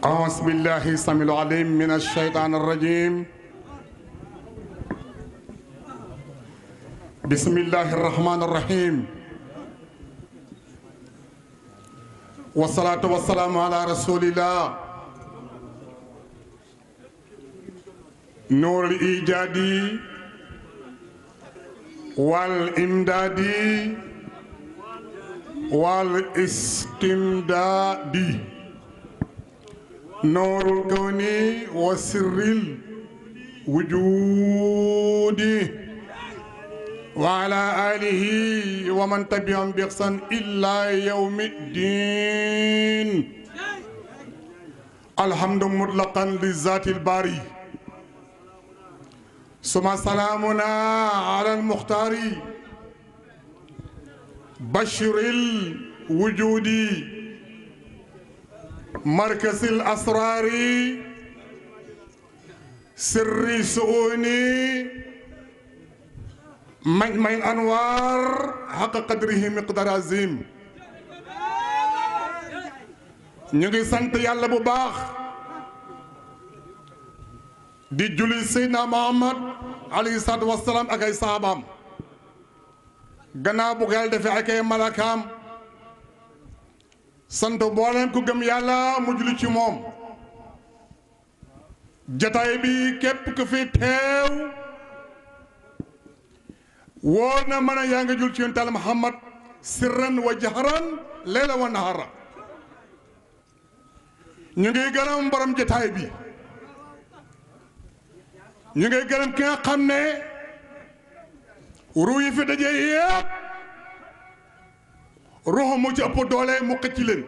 أعوذ بالله السميع العليم من الشيطان الرجيم بسم الله الرحمن الرحيم والصلاة والسلام على رسول الله نور الإيجادي والإمدادي والاستمدادي نور الكون وسر الوجود وعلى آله ومن تبعهم بإحسان إلى يوم الدين الحمد مطلقا للذات الباري ثم سلامنا على المختار بشر الوجود مركز الأسرار سري سؤوني مجمع الأنوار حق قدره مقدار عظيم نيجي سنت يالا بو باخ دي جولي سيدنا محمد عليه الصلاه والسلام ak ay saabaam gannaaw bu gal defee ak ay malakaam sant mboolem ku gëm yàlla mu julli ci moom jataay bi képp ku fi teew wóor na mën a yaa ngi jul ci yonent Yàlla Muhammad sirran wa jaharan leela wa nahara ñu ngi gërëm borom jataay bi ñu ngi gërëm ki nga xam ne ruu fi daje yépp roxo mu ci ëpp doole mu xëcc leen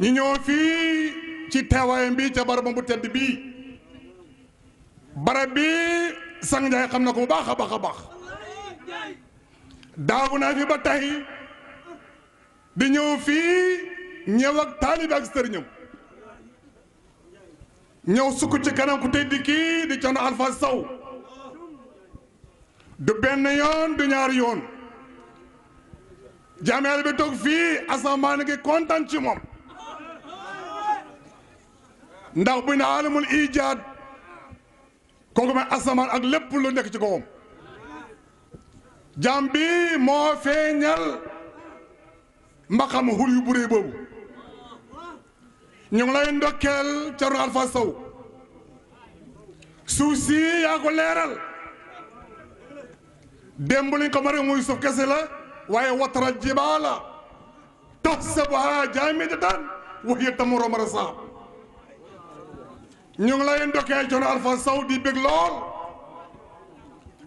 ñu ñëw fii ci teewaayam bi ca barabam bu tedd bii barab bi sang njaay xam na ko bu baax a baax a fi ba tey di ñëw fii ñëw ak taalib ak sëriñam ñëw sukk ci kanam ku tedd kii di coono alpha saw du benn yoon du ñaari yoon jaameel bi toog fii asamaan gi kontaan ci moom ndax bu ñu alamul ijaad kooku mooy asamaan ak lépp lu nekk ci kawam jaam bi moo feeñal mbaxam xur yu buree boobu ñu lay ndokkeel Thierno Alpha Sow suuf yaa ko leeral démb liñ ko mari muy suuf kese la waaye watara jibaala tahsabuhaa jaamidatan wa hiya tamurru marra sahaab ñu ngi lay ndokkee Thioné Alpha Sow di bég lool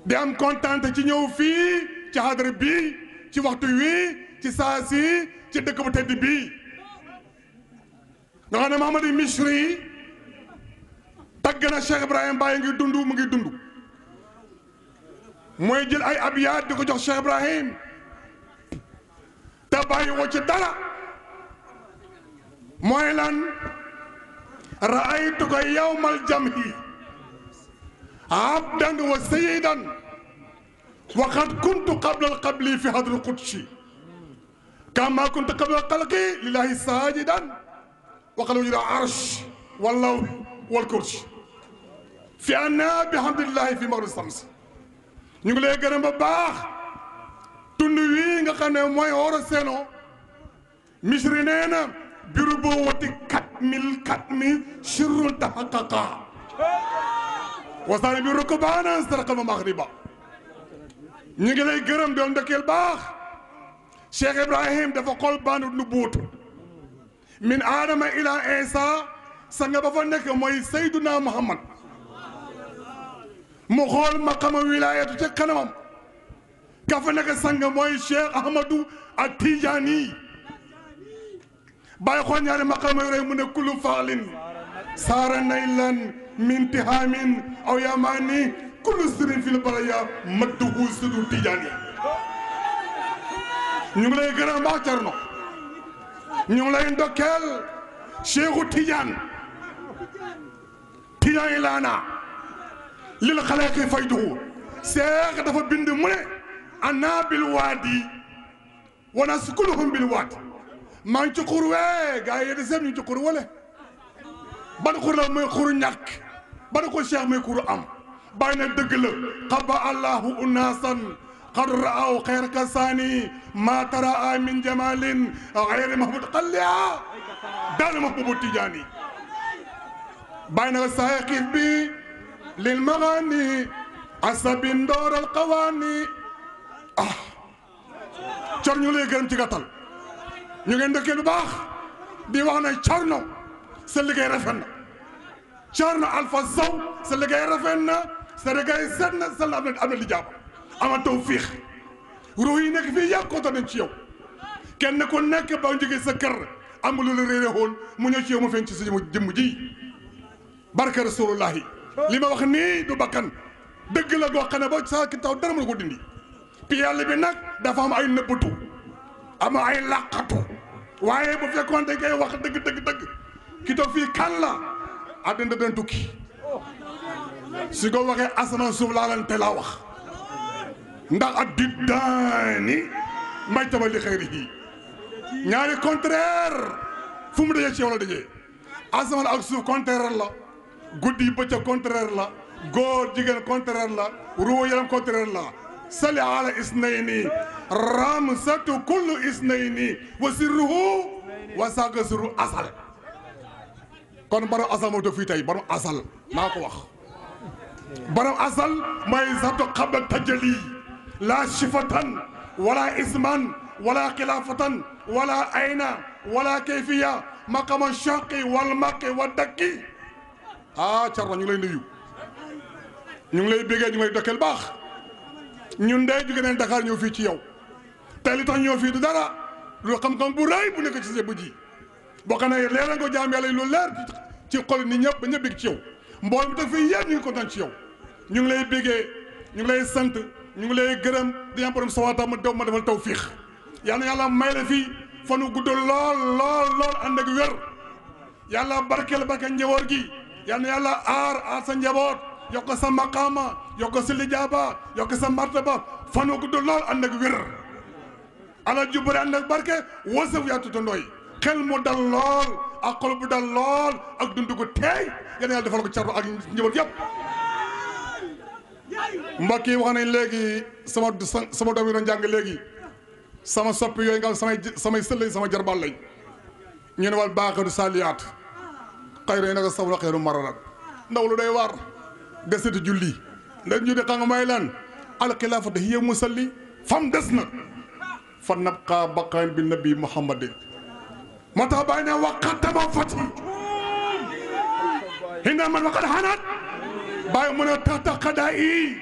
di am kontaan ci ñëw fii ci xadara bii ci waxtu wii ci saa si ci dëkk bu tedd bii nga xam ne Misri tagg Cheikh Ibrahim Baye ngi dund mu ngi dund mooy jël ay abyaat di ko jox Cheikh Ibrahim بايو وچ دارا مويلان رايتو يوم الجمهي عبدا وسيدا وقد كنت قبل القبل في هذا القدس كما كنت قبل القلق لله ساجدا وقد وجد عرش والله والكرش في أنا بحمد الله في مغرب الشمس نقول يا جرم باخ تنوي nga xam ne mooy horo seno misri nee na biru boo wati quatre mille quatre mille chirrul taxaqaqa wasaane bi rukk baana sarqa ma maxriba ñu ngi lay gërëm doon ndokkeel baax cheikh ibrahim dafa xol baanu nu buut min aadama ila insa sa nga ba fa nekk mooy sayduna muhammad mu xool maqama wilayatu ca kanamam Gafanaka sang mooy Cheikh Ahmadou ak Tijaani bàyyi xool ñaari maqaama yore mu ne kullu faalin saara naylan min tihaamin aw yamaani kullu sirin fil baraya madduhu sidu Tijaani ñu lay gërëm baax Cerno ñu ngi lay ndokkeel Cheikhu Tijaan Tijaan yi laana lil xaleqi fayduhu Cheikh dafa bind mu ne أنا بالوادي ونسكنهم بالوادي ما يتقروا ويك أي رزم يتقر ولا بنقول لهم يقر نك بنقر شيخ ما يقر أم بين الدقل قبع الله أناسا قد رأوا خير كساني ما ترى من جمال غير محبوب قليا دار محبوب تجاني بين السائق بي للمغاني عصب دور القواني ah cor ñu ngi lay gërëm ci gàttal ñu ngeen dëkkee lu baax di wax ne Thierno sa liggéey rafet na Thierno Alpha Sow sa liggéey rafet na sa liggéey set na sa la am na di jàpp ama tawfiix ruux yi nekk fii yàgg kontaan nañ ci yow kenn ku nekk ba jógee sa kër am lu la réeré woon mu ñëw ci yow mu feeñ ci sa jëmm ji barka rasulullahi li ma wax nii du bakkan dëgg la goo xam ne ba saa ki taw dara mën ko pi yàlla bi nag dafa am ay nëbbatu am ay làqatu waaye bu fekkoon dañ koy wax dëgg dëgg dëgg ki toog fii kan la àddina dañ tukki su ko waxee asamaan suuf laa leen te laa wax ndax ak di daani may taba li xëyri yi ñaari contraire fu mu dajee ci la dajee asamaan ak suuf contraire la guddi bëccëg contraire la góor jigéen contraire la ruu yaram contraire la صل على اثنين رمسة كل اثنين وسره وساق أصل كون بارو أصل موتو في تاي بارو أصل ماكو واخ بارو أصل ما يزهد قبل تجلي لا شفة ولا اسما ولا خلافة ولا أين ولا كيفية مقام الشاقي والمقي والدكي آه شرنا نيو نيو نيو نيو نيو نيو نيو نيو ñun day jóge nañ Dakar ñëw fii ci yow te li tax ñëw fii du dara lu xam-xam bu rëy bu nekk ci sa bët yi boo xam ne leeral nga ko jaam yàlla yi lu leer ci xol ni ñëpp ba ñëpp bég ci yow mbool mi tax fii yéen ñu ngi ci yow ñu ngi lay bégee ñu lay sant ñu ngi lay gërëm di am borom sawaata ma daw ma defal tawfiix yàlla yàlla may la fii fanu gudd lool lool lool ànd ak wér yàlla barkeel barke njaboot gi yàlla yàlla aar aar sa njaboot yokk sa maqaama yokk sa lijaaba yokk sa martaba fanu gudd lool ànd ak wér alal ju bëri ànd ak barke wërsëg yaa tutandooy xel mu dal lool ak xol bu dal lool ak dund gu teey yéen yàlla defal ko carro ak njaboot yëpp mbokk yi wax nañ léegi sama sama doom yi doon jàng léegi sama soppi yooyu nga xam samay samay sël lañ sama jarbal lañ ñu ne wal saaliyaat xayru yi naka sawla xayru mararat ndaw lu day waar desati julli léegi ñu ne xanga may lan al alxilaafatu hiya musalli fam des na fa nabqa baqan bin nabi muhammad mata bayna waqta ma fati hina man waqad hanat bay mu ne taxta qadaa'i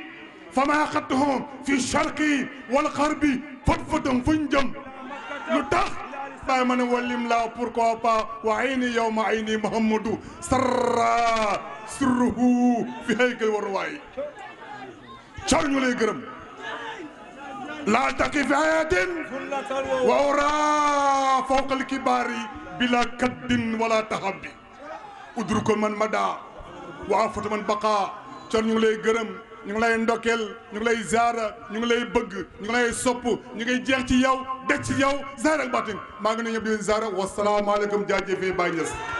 fa ma xatuhum fi sharqi wal gharbi fat fatam fuñ jëm lutax baay ma ne walim laa pourquoi pas wa ayni yow ma ayni Muhammadu sarra surruhu fi haykal warwaay caw ñu lay gërëm laa taqi fi hayatin wa ura fawqa alkibaari bila kaddin wala tahabbi udrukul man mada wa afatu man baqa caw ñu lay gërëm ñu ngi lay ndokkeel ñu ngi lay zaara ñu ngi lay bëgg ñu ngi lay sopp ñu ngi jeex ci yow def ci yow zaara ak baatin maa ngi nuyu ñëpp di leen zaara wasalaamaaleykum jaajëfee Baye